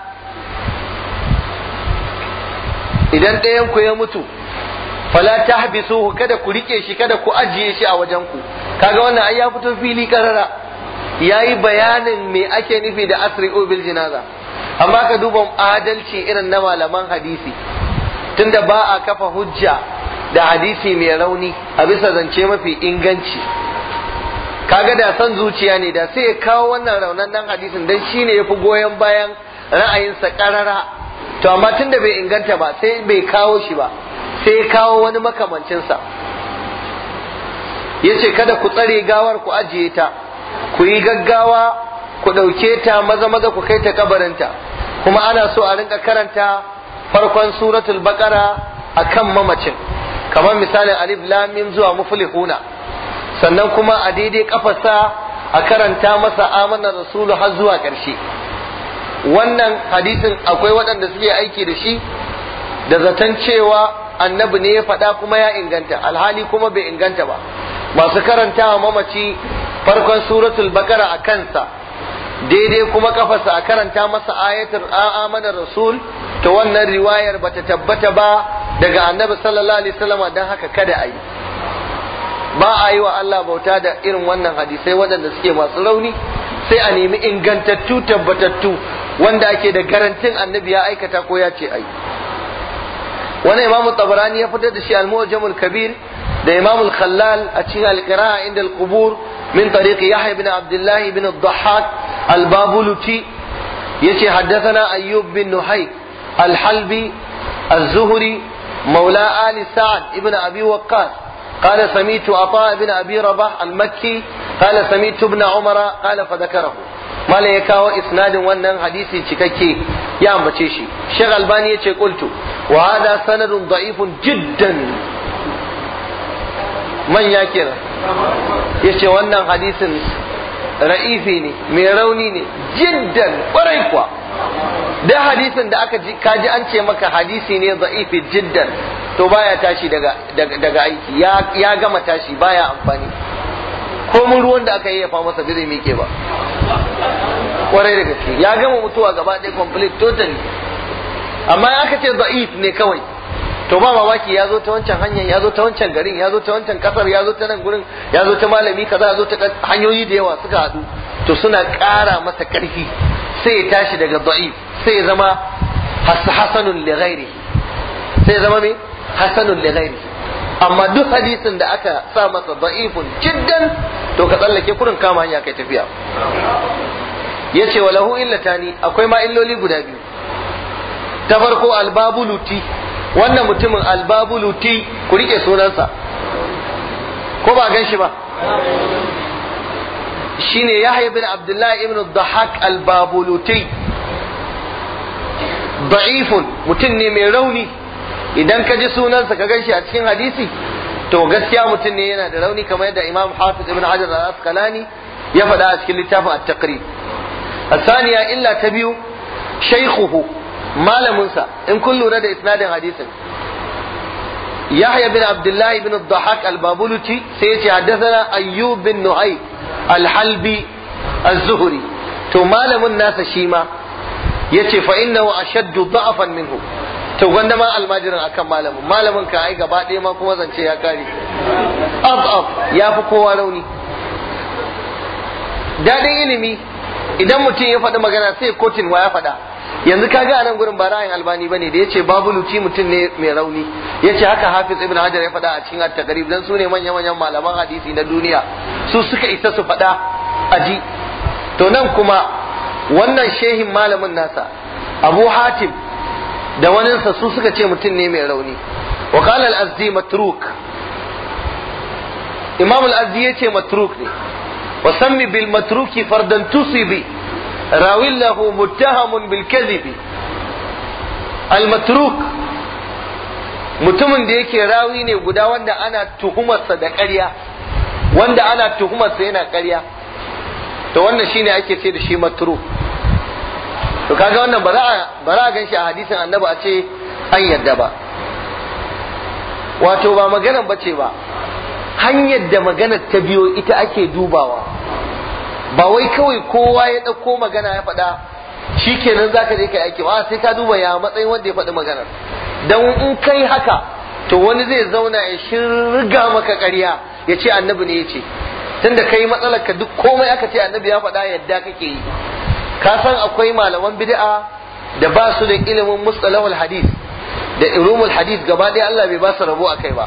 idan ɗayan ku ya mutu fala tahbisuhu kada ku rike shi kada ku ajiye shi a wajen ku kaga wannan ai ya fito fili karara yayi bayanin me ake nufi da asri'u bil jinaza amma ka duba adalci irin na malaman hadisi tunda ba a kafa hujja da hadisi mai rauni a bisa zance mafi inganci kaga da san zuciya ne da sai ya kawo wannan nan hadisin dan shine yafi goyon bayan ra'ayinsa karara to amma tunda bai inganta ba sai bai kawo shi ba sai ya kawo wani makamancinsa yace kada ku tsare gawar ku ajiye ta ku yi gaggawa ku ɗauke ta maza maza ku kai ta kabarinta kuma ana so a rinka karanta farkon suratul baqara akan mamacin kamar misalin alif lam zuwa muflihuna sannan kuma a daidai kafarsa a karanta masa amana rasulu har zuwa ƙarshe wannan hadisin akwai waɗanda suke aiki da shi da zaton cewa annabi ne ya faɗa kuma ya inganta alhali kuma bai inganta ba masu karanta mamaci farkon suratul baqara a kansa daidai kuma kafarsa a karanta masa ayatul amana rasul ta wannan riwayar bata tabbata ba daga annabi sallallahu alaihi wasallam dan haka kada ayi ba a yi wa Allah bauta da irin wannan hadisai waɗanda suke masu rauni sai a nemi ingantattu tabbatattu wanda ake da garantin annabi ya aikata ko ya ce ayi wani imamu tabarani ya fitar da shi al-mu'jamul kabir da imam al-khallal a cikin al inda al min tariq yahya ibn Abdullahi ibn ad-dhahhak al-babuluti yace haddathana ayyub bin Nuhai al-halbi az-zuhri مولى آل سعد ابن أبي وقاص قال سميت عطاء بن أبي رباح المكي قال سميت ابن عمر قال فذكره ما لا يكاو إسناد ونن حديثي تككي يا أمبتشي شيخ الباني قلت وهذا سند ضعيف جدا manya kenan ya ce wannan hadisin ra'ifi ne mai rauni ne jiddan kwarai kuwa da hadisin da aka kaji an ce maka hadisi ne za'ifi jiddan to baya tashi daga aiki ya gama tashi baya amfani komin ruwan da aka yi ya fa masa zai mike ba kwarai da gaske ya gama mutuwa gaba ɗaya complete totally amma aka ce za'if ne kawai to ba mamaki ya zo ta wancan hanyar ya zo ta wancan garin ya zo ta wancan kasar ya zo ta nan gurin ya zo ta malami kaza ya zo ta hanyoyi da yawa suka haɗu to suna ƙara masa ƙarfi sai ya tashi daga da'i sai ya zama hasanun li ghairi sai ya zama me hasanun li ghairi amma duk hadisin da aka sa masa da'ifun jiddan to ka tsallake kurin kama hanya kai tafiya yace walahu illatani akwai ma illoli guda biyu ta farko albabuluti wannan mutumin albabuluti ku rike sunansa ko ba gan shi ba shine yahya bin abdullahi ibn dhahak albabuluti da'ifun mutum ne mai rauni idan ka ji sunansa ka ganshi a cikin hadisi to gaskiya mutum ne yana da rauni kamar yadda imam hafiz ibn hajar al-asqalani ya faɗa a cikin littafin at-taqrib الثانية إلا تبيو شيخه malaminsa in kun lura da isnadin hadisin yahya bin abdullahi bin dhahak al babuluti sai ya ce haddathana ayyub bin Nuhay al-halbi az-zuhri to malamin nasa shi ma yace fa innahu ashaddu da'afan minhu to gwanda ma almajirin akan malamin malamin ka ai gaba ɗaya ma kuma zance ya kare Af-af ya fi kowa rauni daɗin ilimi idan mutum ya faɗi magana sai kotin wa ya faɗa yanzu ka ga anan gurin ba ra'ayin albani bane da yace babu luti mutum ne mai rauni yace haka hafiz ibn hajar ya faɗa a cikin at-taqrib dan sune manyan manyan malaman hadisi na duniya su suka isa su faɗa aji to nan kuma wannan shehin malamin nasa abu hatim da waninsa su suka ce mutum ne mai rauni wa qala al-azdi matruk imam al-azdi yace matruk ne wa sammi bil matruki fardan tusibi راو له متهم بالكذب المتروك mutumin da yake rawi ne guda wanda ana tuhumarsa da ƙarya wanda ana tuhumarsa yana ƙarya to wannan shine ake ce da shi matruk to kaga wannan ba za a gan shi a hadisin annabi a ce an yadda ba wato ba maganar bace ba hanyar da maganar ta biyo ita ake dubawa ba wai kawai kowa ya ɗauko magana ya faɗa shi kenan za ka je ka aiki ba sai ka duba ya matsayin wanda ya faɗi magana. don in kai haka to wani zai zauna ya shirga maka karya ya ce annabi ne ya ce tunda yi matsalar ka duk komai aka ce annabi ya faɗa yadda kake yi ka san akwai malaman bid'a da ba su da ilimin mustalahul hadis da irumul hadis gaba ɗaya Allah bai ba su rabo akai ba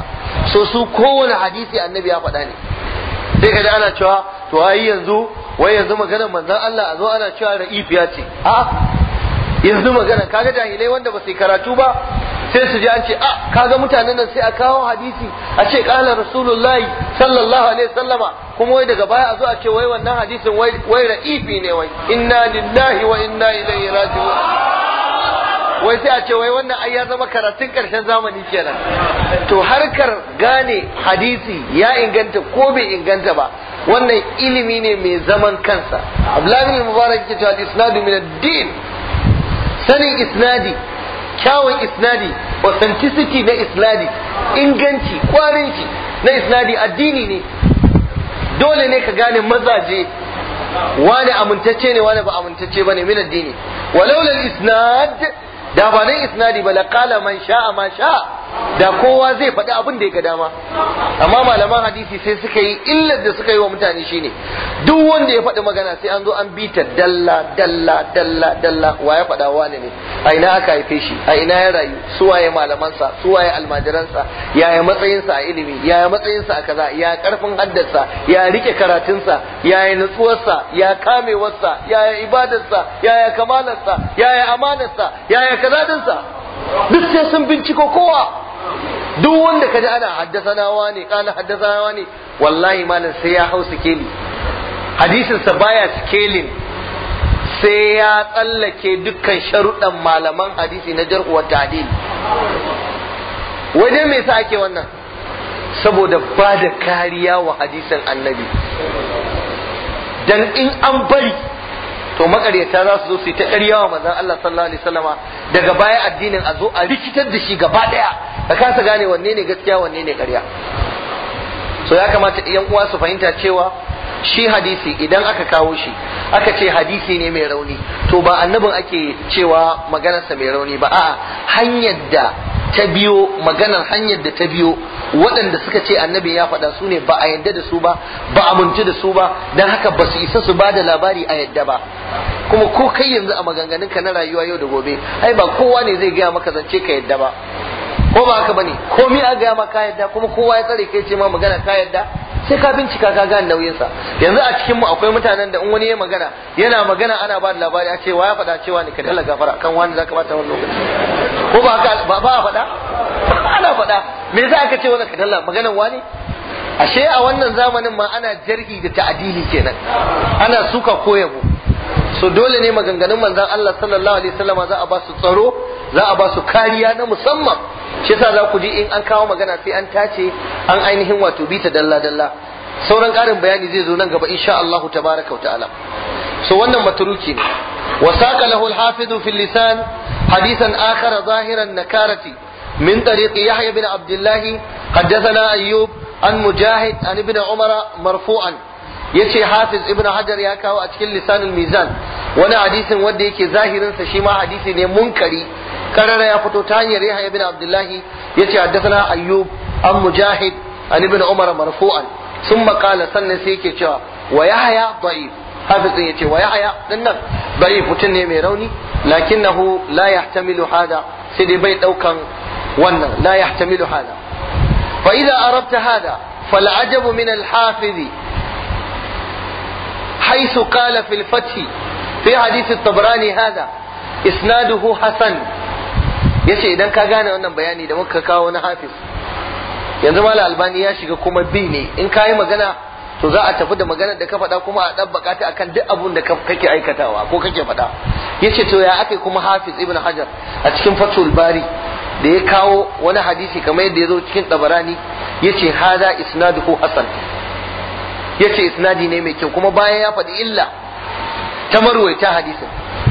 so su kowane hadisi annabi ya faɗa ne sai ka ana cewa to ai yanzu wai yanzu magana manzan Allah a zo ana cewa ra'ifiya ce a yanzu magana kaga jahilai wanda ba su karatu ba sai su ji an ce a ah, kaga mutanen nan sai a kawo hadisi a ce kala rasulullahi sallallahu alaihi sallama kuma wai daga baya a zo a ce wai wannan hadisin wai wai ra'ifi ne wai inna lillahi wa inna ilaihi raji'un wai sai a ce wai wannan ai ya zama karatun karshen zamani kenan to harkar gane hadisi ya inganta ko bai inganta ba wannan ilimi ne mai zaman kansa abdullahi mubarak ke cewa isnadu min ad-din sanin isnadi kyawun isnadi authenticity na isnadi inganci kwarinci na isnadi addini ne dole ne ka gane mazaje wane amintacce ne wani ba amintacce bane min addini walaula al-isnad da ba nan isnadi ba laqala man sha'a ma sha'a da kowa zai faɗi abin da ya ga dama amma malaman hadisi sai suka yi illar da suka yi wa mutane shine duk wanda ya faɗi magana sai an zo an bita dalla dalla dalla dalla wa ya faɗa wani ne a ina aka haife shi a ina ya rayu su waye malamansa su waye almajiransa yaya matsayinsa a ilimi yaya matsayinsa a kaza ya karfin haddarsa ya rike karatunsa yaya nutsuwarsa ya kamewarsa yaya ibadarsa yaya sa yaya amanarsa yaya daga dadinsa duk sai sun binciko kowa duk wanda kaji ana haddasa ne kana ne wallahi malam sai ya hau sikeli hadisinsa baya sikelin sai ya tsallake dukkan sharuɗan malaman hadisi na jar uwar ta'dil wajen me sa ake wannan saboda ba da kariya wa hadisin annabi dan in an bari to makaryata za su zo su yi ta ƙarya wa manzon Allah sallallahu alaihi wasallama daga baya addinin a zo a rikitar da shi gaba daya ka kasa gane wanne ne gaskiya wanne ne ƙarya so ya kamata iyan uwa su fahimta cewa shi hadisi idan aka kawo shi aka ce hadisi ne mai rauni to ba annabin ake cewa maganarsa mai rauni ba a'a hanyar da ta biyo maganar hanyar da ta biyo waɗanda suka ce annabi ya faɗa su ne ba a yadda da su ba ba a munci da su ba don haka ba su isa su ba da labari a yadda ba kuma ko kai yanzu a maganganun ka na rayuwa yau da gobe ai ba kowa ne zai gaya maka zance ka yadda ba ko ba haka bane komai a gaya maka yadda kuma kowa ya tsare kai ce ma magana ka yadda sai ka bincika ka gane nauyinsa yanzu a cikin mu akwai mutanen da in wani ya magana yana magana ana ba da labari a ce wa ya faɗa cewa ne ka dala gafara kan wani zaka bata wani lokaci ko ba ba ba faɗa ana faɗa me za ka ce wani ka dala maganar wani ashe a wannan zamanin ma ana jarhi da ta'adili kenan ana suka koyabo so dole ne maganganun manzon Allah sallallahu alaihi wasallam za a ba su tsaro za a ba su kariya na musamman shi yasa za ku ji in an kawo magana sai an tace an ainihin wato ta dalla dalla sauran karin bayani zai zo nan gaba insha Allah tabaraka wa ta'ala so wannan maturuki ne wa saqa lahu al-hafiz fi lisan hadithan akhar zahiran nakarati min tariq yahya bin abdullah haddathana ayyub an mujahid an ibn umara marfu'an yace hafiz ibnu hajar ya kawo a cikin lisanul mizan wani hadisin wanda yake zahirin sa shi ma hadisi ne munkari karara ya fito ta hanyar yahya ibn abdullahi yace haddathana ayyub an mujahid an ibn umar marfu'an thumma qala sannan sai yake cewa wa yahya da'if hafiz din yace wa yahya din nan da'if ne mai rauni lakinnahu la yahtamilu hada sai dai bai daukan wannan la yahtamilu hada fa idza arabta hada فالعجب من hafizi حيث قال في الفتح في حديث الطبراني هذا اسناده حسن yace idan ka gane wannan bayani da muka kawo na hafiz yanzu mala albani ya shiga kuma bi ne in ka yi magana to za a tafi da magana da ka faɗa kuma a ɗabbaka ta akan duk abun da kake aikatawa ko kake faɗa yace to ya aka kuma hafiz ibn hajar a cikin fatul bari da ya kawo wani hadisi kamar yadda ya zo cikin tabarani yace hada isnaduhu hasan yace isnadi ne mai kyau kuma bayan ya faɗi illa ta marwaita hadisin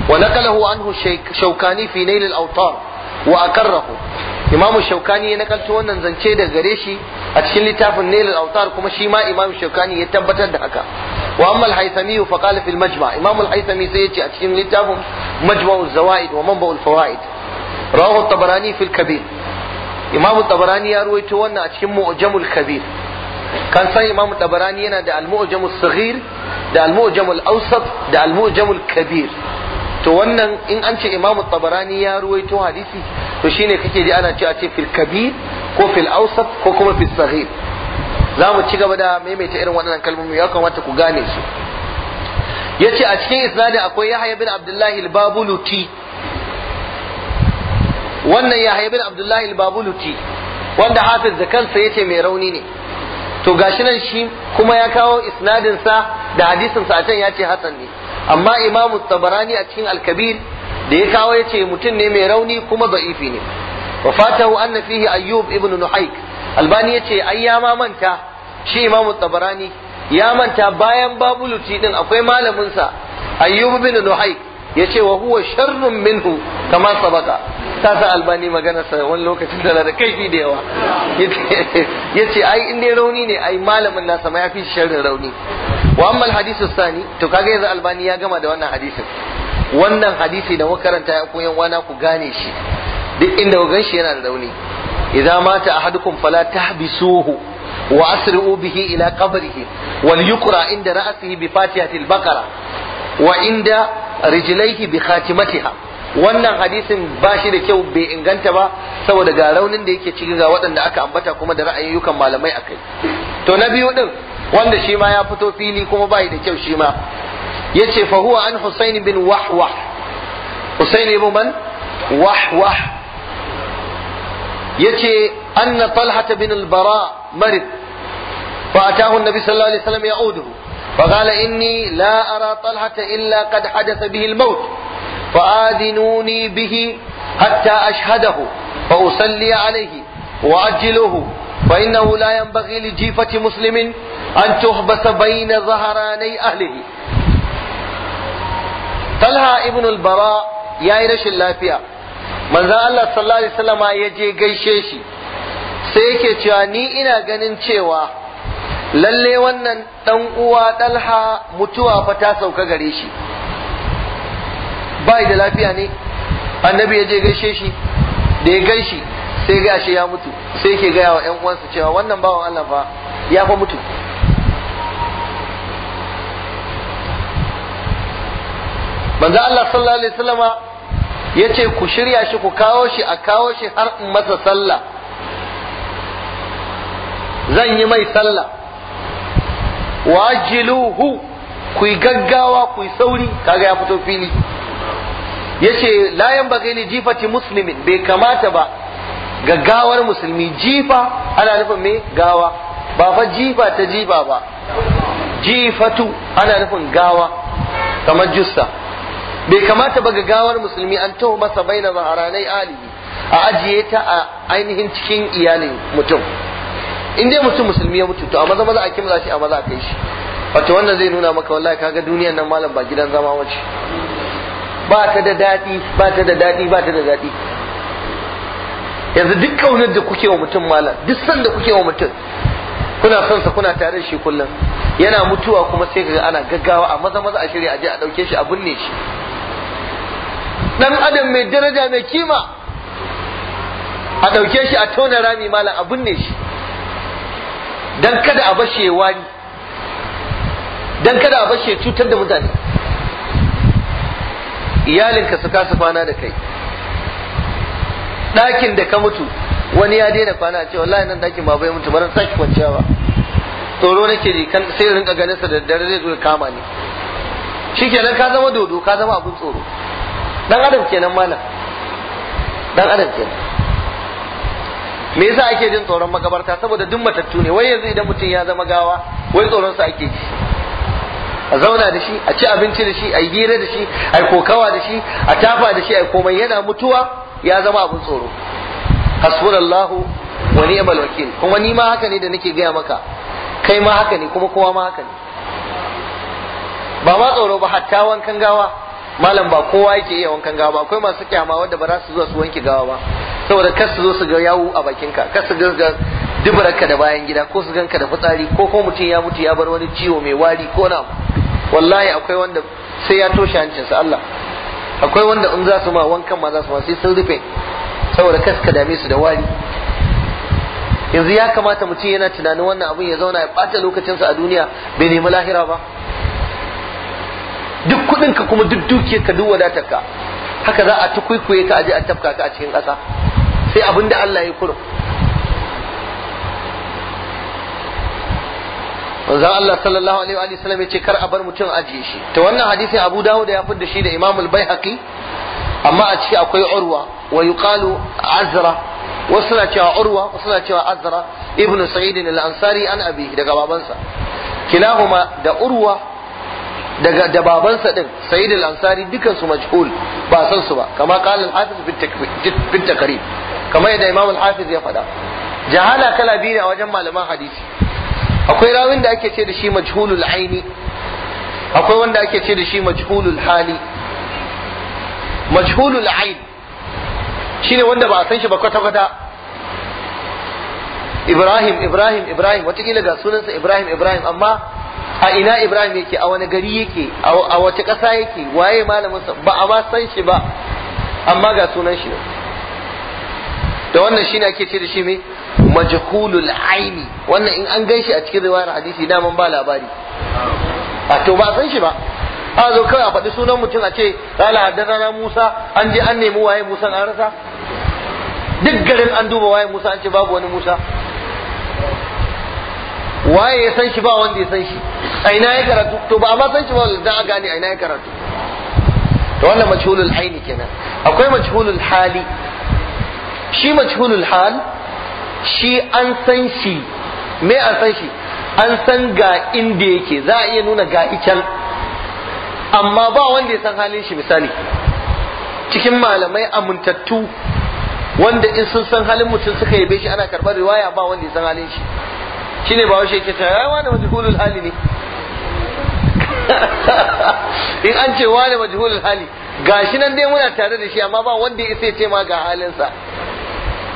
wa naqalahu anhu shaukani fi nail al-awtar wa akarrahu Imamu shaukani ya nakalto wannan zance daga gare shi a cikin littafin nail al-awtar kuma shi ma imamu shaukani ya tabbatar da haka wa amma al-haythami fa qala fi al-majma' imam al-haythami sai yace a cikin littafin majma'u zawaid wa manba'u al-fawaid rawahu at-tabarani fi al-kabir imamu at-tabarani ya ruwaito wannan a cikin mu'jamul kabir kan san imamu tabarani yana da al-mu'jamul da al-mu'jamul awsat da al kabir to wannan in an ce imamu tabarani ya ruwaito hadisi to shine kake ji ana cewa ce fil kabir ko fil awsat ko kuma fil saghir za mu ci gaba da maimaita irin waɗannan kalmomi ya kamata ku gane su yace a cikin isnadin akwai yahya bin abdullahi al-babuluti wannan yahya bin abdullahi al-babuluti wanda hafiz da kansa yace mai rauni ne to gashi nan shi kuma ya kawo isnadinsa da hadisinsa a can ya ce hasan ne amma imamu tabarani a cikin al da ya kawo yace ce mutum ne mai rauni kuma da'ifi ne wa fatahu anna fihi ayyub ibn nuhaik albani ya ce ai ya ma manta shi imamu tabarani ya manta bayan babuluti din akwai malamin sa ayyub ibn nuhaik yace wa huwa sharrun minhu kama sabaka ta sa albani magana sa wani lokacin da da kaifi da yawa yace ai in dai rauni ne ai malamin nasa ma fi sharrin rauni wa amma sani to kaga yanzu albani ya gama da wannan hadisin wannan hadisi da muka karanta ya koyan wana ku gane shi duk inda ku ganshi yana da rauni idza mata ahadukum fala tahbisuhu wa asri'u bihi ila qabrihi wal yuqra inda ra'sihi bi fatihatil baqara wa inda rijlaihi bi khatimatiha wannan hadisin ba shi da kyau bai inganta ba saboda ga raunin da yake cikin ga waɗanda aka ambata kuma da ra'ayoyukan malamai kai to na biyu din wanda shi ma ya fito fili kuma bai da kyau shi ma yace fa huwa an Husaini bin Wahwah Husaini ibn man Wahwah yace anna Talha bin al-Bara marid fa atahu nabi sallallahu alaihi wasallam ya'uduhu فقال إني لا أرى طلحة إلا قد حدث به الموت فآذنوني به حتى أشهده فأصلي عليه وأجله فإنه لا ينبغي لجيفة مسلم أن تحبس بين ظهراني أهله طلحة ابن البراء يا رش اللافية من ذا الله صلى الله عليه وسلم يجي قيشيشي سيكي تياني إنا قنن تيواه lalle wannan dan uwa dalha mutuwa fa ta sauka gare shi bai da lafiya ne annabi ya je gaishe shi da ya gaishe sai ga shi ya mutu sai ke gaya wa ƴan uwansa cewa wannan bawan Allah fa ya fa mutu banza Allah sallallahu alaihi wasallama yace ku shirya shi ku kawo shi a kawo shi har in masa sallah zan yi mai sallah wajiluhu ku yi gaggawa ku yi sauri kaga ya fito fili yace layan yanbaghi li jifati muslimin bai kamata ba gaggawar musulmi jifa ana nufin me gawa ba fa jifa ta jifa ba jifatu ana nufin gawa kamar jussa bai kamata ba gaggawar musulmi an taho masa baina zaharanai alihi a ajiye ta a ainihin cikin iyalin mutum in dai mutum musulmi ya mutu to a maza maza a kimza shi a maza a kai shi wato wannan zai nuna maka wallahi kaga duniyar nan malam ba gidan zama wace ba ta da dadi, ba ta da dadi, ba ta da dadi. yanzu duk kaunar da kuke wa mutum malam duk san da kuke wa mutum kuna son sa kuna tare da shi kullum yana mutuwa kuma sai kaga ana gaggawa a maza maza a shirya je a dauke shi a binne shi dan adam mai daraja mai kima a dauke shi a tona rami malam a binne shi dan kada a bashe wani wari dan kada a bashe cutar da mutane iyalinka su kasa kwana da kai ɗakin da ka mutu wani ya daina kwana ce wallahi nan ɗakin ba bai mutu ba sake kwanciya ba tsoro nake ji kan sai rinka ganin sa da dare zai zo ya kama ni shikenan ka zama dodo ka zama abun tsoro dan adam kenan malam dan adam kenan me yasa ake jin tsoron makabarta saboda duk matattu ne wai yanzu idan mutum ya zama gawa wai tsoron sa ake ji a zauna da shi a ci abinci da shi a yi hira da shi a yi kokawa da shi a tafa da shi a yi komai yana mutuwa ya zama abin tsoro hasbunallahu wa ni'mal wakil kuma ni ma haka ne da nake gaya maka kai ma haka ne kuma kowa ma haka ne ba ma tsoro ba hatta wankan gawa malam ba kowa yake iya wankan gawa ba akwai masu kyama wanda ba za su zo su wanke gawa ba saboda kar su zo su ga yawu a bakinka kar su ga dubararka da bayan gida ko su ganka da fitsari ko ko mutum ya mutu ya bar wani ciwo mai wari ko na wallahi akwai wanda sai ya toshe hancinsa Allah akwai wanda in za su ma wankan ma za su ma sai sun rufe saboda kar ka dame su da wari yanzu ya kamata mutum yana tunanin wannan abun ya zauna ya ɓata lokacinsa a duniya bai nemi lahira ba duk kuɗin ka kuma duk dukiyar ka duk wadatar ka haka za a tukuikuye ka aje a tafka ka a cikin kasa sai abin da Allah ya kurum manzon Allah sallallahu alaihi wa sallam ya ce kar a bar mutum ajiye shi ta wannan hadisin Abu Dawud ya fitar da shi da Imam al-Baihaqi amma a ciki akwai Urwa wa yuqalu Azra wasu na cewa Urwa wasu na cewa Azra ibnu Sa'id al-Ansari an abi daga babansa kilahuma da Urwa daga dababansa din sayyid al-ansari dukan su majhul ba san su ba kama qala al-hafiz bin takrib kama yadda imam al-hafiz ya faɗa jahala kala biyu ne a wajen malaman hadisi akwai rawin da ake ce da shi majhulul aini akwai wanda ake ce da shi majhulul hali majhulul ain shine wanda ba a san shi ba kwata kwata Ibrahim Ibrahim Ibrahim watakila ga sunansa Ibrahim Ibrahim amma a ina ibrahim yake a wani gari yake a wace ƙasa yake waye malamin ba a ma san shi ba amma ga sunan shi da wannan shi ne ake ce da shi me majhulul aini wannan in an gan shi a cikin riwayar hadisi daman ba labari a to ba san shi ba a zo kawai a faɗi sunan mutum a ce rala da musa an je an nemi waye musa an rasa duk garin an duba waye musa an ce babu wani musa waye ya san shi ba wanda ya san shi a ina ya karatu to ba ma san shi ba da a gane a ina ya karatu to wannan majhulul aini kenan akwai majhulul hali shi majhulul hal shi an san shi me an san shi an san ga inda yake za a iya nuna ga ican amma ba wanda ya san halin shi misali cikin malamai amintattu wanda in sun san halin mutum suka yabe shi ana karɓar riwaya ba wanda ya san halin shi ne ba washe ke cewa wane wani hali ne in an ce wani majihulul hali shi nan dai muna tare da shi amma ba wanda ya isa ce ma ga halinsa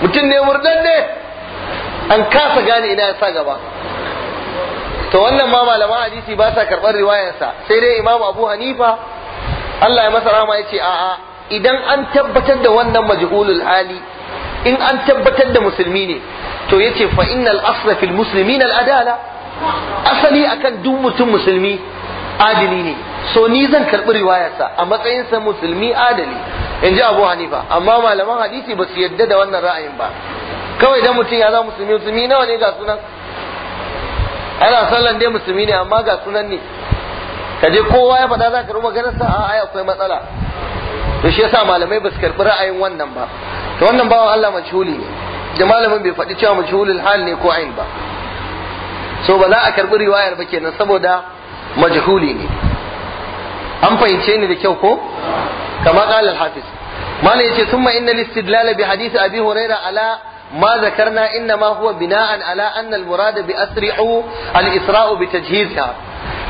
mutum ne ne an kasa gane ina ya sa gaba to wannan ma malaman hadisi ba sa karɓar riwayarsa sai dai imamu abu hanifa Allah ya masa rama ya ce a'a idan an tabbatar da wannan majihulul hali in an tabbatar da musulmi ne to yace fa innal asla fil muslimin al adala asali akan duk mutum musulmi adali ne so ni zan karbi riwayarsa a matsayin sa musulmi adali in ji Abu Hanifa amma malaman hadisi ba su yadda da wannan ra'ayin ba kawai dan mutum ya za musulmi musulmi nawa ne ga sunan ana sallan dai musulmi ne amma ga sunan ne kaje kowa ya faɗa za ka ruba ganin sa a ai akwai matsala to shi yasa malamai ba su karbi ra'ayin wannan ba to wannan bawan Allah majhuli ne da malamin bai faɗi cewa majhulul hal ne ko ain ba so ba za a karɓi riwayar ba kenan saboda majhuli ne an fahimce ni da kyau ko kama qala hafiz malam yace ma inna al-istidlal bi hadisi abi huraira ala ما bina'an ala هو بناء على أن المراد بأسرع الإسراء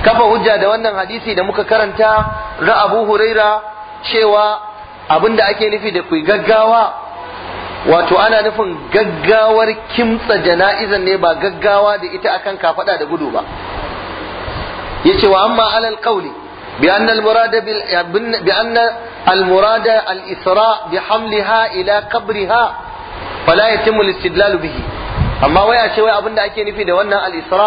Kafa hujja da wannan hadisi da muka karanta أبو هريرة huraira cewa da ake nufi da ku gaggawa wato ana nufin gaggawar kimtsa jana'izan ne ba gaggawa da ita akan kafada da gudu ba yace wa amma alal qawli bi anna al murada bi anna al murada al isra bi hamliha ila qabriha fala yatimu al istidlal bihi amma wai a ce wai abinda ake nufi da wannan al isra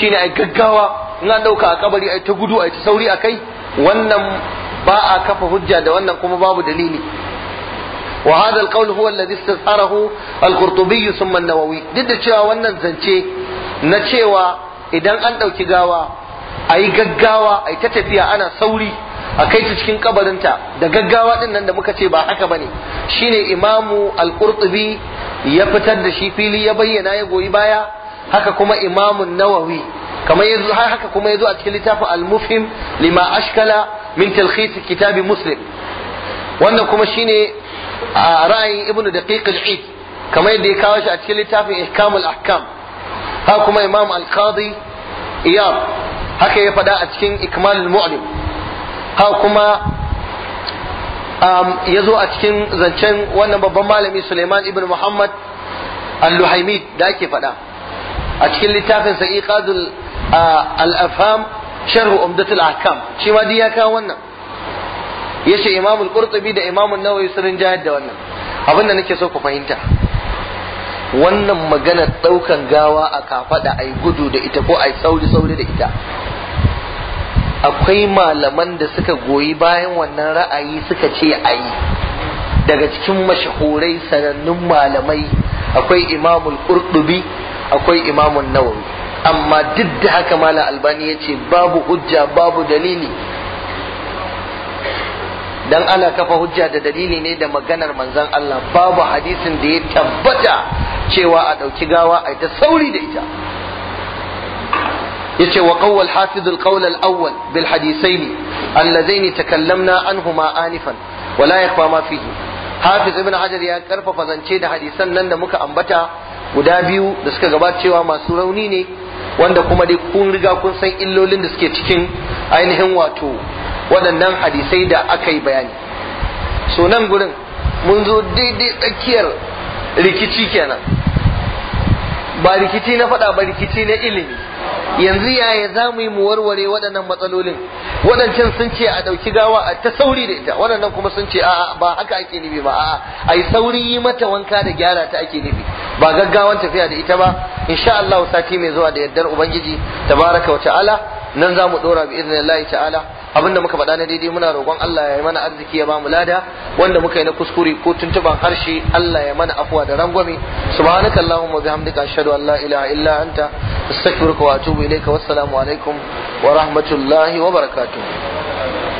shine ai gaggawa in an dauka a kabari ai ta gudu ai ta sauri akai wannan ba a kafa hujja da wannan kuma babu dalili وهذا القول هو الذي استظهره القرطبي ثم النووي duk da cewa wannan zance na cewa idan an ɗauki gawa Ayi gaggawa ayi ta tafiya ana sauri a kai ta cikin kabarinta da gaggawa din nan da muka ce ba haka bane shine imamu al-qurtubi ya fitar da shi fili ya bayyana ya goyi baya haka kuma imamun nawawi kamar yanzu har haka kuma yazo a cikin littafin al-mufhim lima ashkala min talkhis kitabi muslim wannan kuma shine a ra'ayin ibnu daqiq al kamar yadda ya kawo shi a cikin littafin ihkamul ahkam ha kuma imam al-qadi iyad haka ya faɗa a cikin ikmalul mu'lim ha kuma um, ya zo a cikin zancen wannan babban malami Suleiman ibn Muhammad al-Luhaimid da ake faɗa a cikin littafin sa iqadul uh, al-afham sharh umdatul ahkam shi ma ya kawo wannan yace Imam al-Qurtubi da Imam an-Nawawi sun rinjayar da wannan abinda nake so ku fahimta wannan maganar daukan gawa a kafada ai gudu da ita ko ai sauri sauri da ita akwai malaman da suka goyi bayan wannan ra'ayi suka ce ayi daga cikin mashahurai sanannun malamai akwai imamul qurtubi akwai imamul nawawi amma duk da haka mala albani ya ce babu hujja babu dalili dan ana kafa hujja da dalili ne da maganar manzon Allah babu hadisin da ya tabbata cewa a ɗauki gawa a ta sauri da ita yace wa qawwal hafiz al-qawl al-awwal bil hadithain alladaini takallamna anhuma anifan wa la yakhfa ma fihi hafiz ibn hajar ya karfafa zance da hadisan nan da muka ambata guda biyu da suka gabata cewa masu rauni ne wanda kuma dai kun riga kun san illolin da suke cikin ainihin wato waɗannan hadisai da aka yi bayani so gurin mun zo daidai tsakiyar rikici kenan ba rikici na faɗa ba rikici na ilimi yanzu yaya za mu yi mu warware waɗannan matsalolin waɗancan sun ce a ɗauki gawa a ta sauri da ita waɗannan kuma sun ce a'a ba haka ake nufi ba a'a ai sauri yi mata wanka da gyara ta ake nufi ba gaggawan tafiya da ita ba insha Allah sati mai zuwa da yardar ubangiji tabaraka wa ta'ala nan za mu dora bi izinin Allah ta'ala abinda muka faɗa na daidai muna roƙon Allah ya yi mana arziki ya ba mu lada wanda muka yi na kuskure ko tuntuban harshe Allah ya mana afuwa da rangwame subhanaka allahumma bihamdika ashhadu an la ilaha illa anta astaghfiruka wa atubu ilayka wassalamu alaikum wa rahmatullahi wa barakatuh